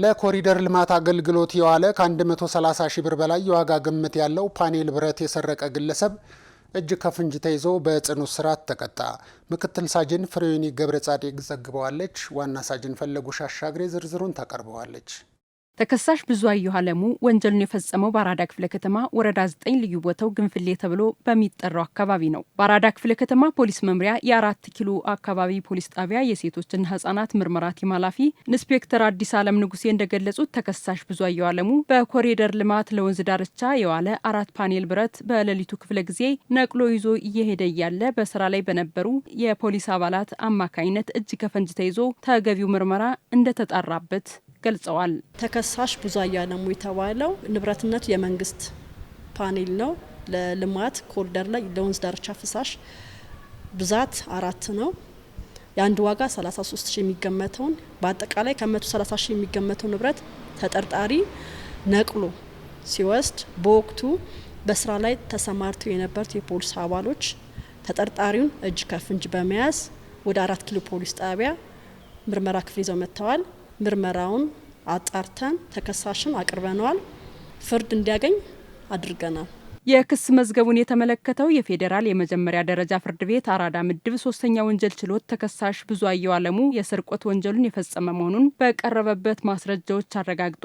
ለኮሪደር ልማት አገልግሎት የዋለ ከ130 ሺ ብር በላይ የዋጋ ግምት ያለው ፓኔል ብረት የሰረቀ ግለሰብ እጅ ከፍንጅ ተይዞ በጽኑ እስራት ተቀጣ። ምክትል ሳጅን ፍሬዮኒ ገብረ ጻድቅ ዘግበዋለች። ዋና ሳጅን ፈለጉ ሻሻግሬ ዝርዝሩን ታቀርበዋለች። ተከሳሽ ብዙአየሁ አለሙ ወንጀሉን የፈጸመው በአራዳ ክፍለ ከተማ ወረዳ 9 ልዩ ቦታው ግንፍሌ ተብሎ በሚጠራው አካባቢ ነው። በአራዳ ክፍለ ከተማ ፖሊስ መምሪያ የአራት ኪሎ አካባቢ ፖሊስ ጣቢያ የሴቶችና ህጻናት ምርመራ ቲም ኃላፊ ኢንስፔክተር አዲስ አለም ንጉሴ እንደገለጹት ተከሳሽ ብዙአየሁ አለሙ በኮሪደር ልማት ለወንዝ ዳርቻ የዋለ አራት ፓኔል ብረት በሌሊቱ ክፍለ ጊዜ ነቅሎ ይዞ እየሄደ እያለ በስራ ላይ በነበሩ የፖሊስ አባላት አማካኝነት እጅ ከፈንጅ ተይዞ ተገቢው ምርመራ እንደተጣራበት ገልጸዋል። ተከሳሽ ቡዛያ አያለሙ የተባለው ንብረትነቱ የመንግስት ፓኔል ነው። ለልማት ኮሪደር ላይ ለወንዝ ዳርቻ ፍሳሽ ብዛት አራት ነው። የአንድ ዋጋ 33 ሺህ የሚገመተውን በአጠቃላይ ከ130 ሺህ የሚገመተው ንብረት ተጠርጣሪ ነቅሎ ሲወስድ በወቅቱ በስራ ላይ ተሰማርተው የነበሩት የፖሊስ አባሎች ተጠርጣሪውን እጅ ከፍንጅ በመያዝ ወደ አራት ኪሎ ፖሊስ ጣቢያ ምርመራ ክፍል ይዘው መጥተዋል። ምርመራውን አጣርተን ተከሳሽን አቅርበነዋል። ፍርድ እንዲያገኝ አድርገናል። የክስ መዝገቡን የተመለከተው የፌዴራል የመጀመሪያ ደረጃ ፍርድ ቤት አራዳ ምድብ ሶስተኛ ወንጀል ችሎት ተከሳሽ አየው አለሙ የስርቆት ወንጀሉን የፈጸመ መሆኑን በቀረበበት ማስረጃዎች አረጋግጦ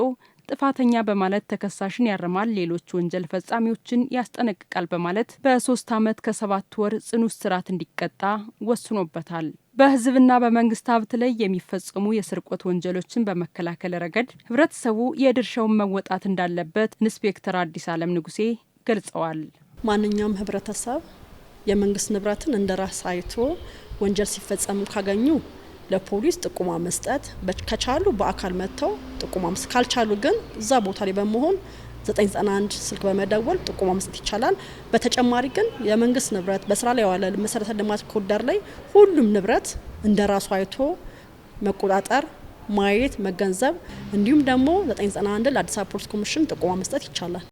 ጥፋተኛ በማለት ተከሳሽን ያርማል፣ ሌሎች ወንጀል ፈጻሚዎችን ያስጠነቅቃል በማለት በሶስት ዓመት ከሰባት ወር ጽኑ እስራት እንዲቀጣ ወስኖበታል። በህዝብና በመንግስት ሀብት ላይ የሚፈጸሙ የስርቆት ወንጀሎችን በመከላከል ረገድ ህብረተሰቡ የድርሻውን መወጣት እንዳለበት ኢንስፔክተር አዲስ አለም ንጉሴ ገልጸዋል። ማንኛውም ህብረተሰብ የመንግስት ንብረትን እንደ ራስ አይቶ ወንጀል ሲፈጸሙ ካገኙ ለፖሊስ ጥቁማ መስጠት ከቻሉ በአካል መጥተው ጥቁማ ካልቻሉ ግን እዛ ቦታ ላይ በመሆን 991 ስልክ በመደወል ጥቆማ መስጠት ይቻላል። በተጨማሪ ግን የመንግስት ንብረት በስራ ላይ የዋለ መሰረተ ልማት ኮሪደር ላይ ሁሉም ንብረት እንደ ራሱ አይቶ መቆጣጠር ማየት መገንዘብ እንዲሁም ደግሞ 991 ለአዲስ አበባ ፖሊስ ኮሚሽን ጥቆማ መስጠት ይቻላል።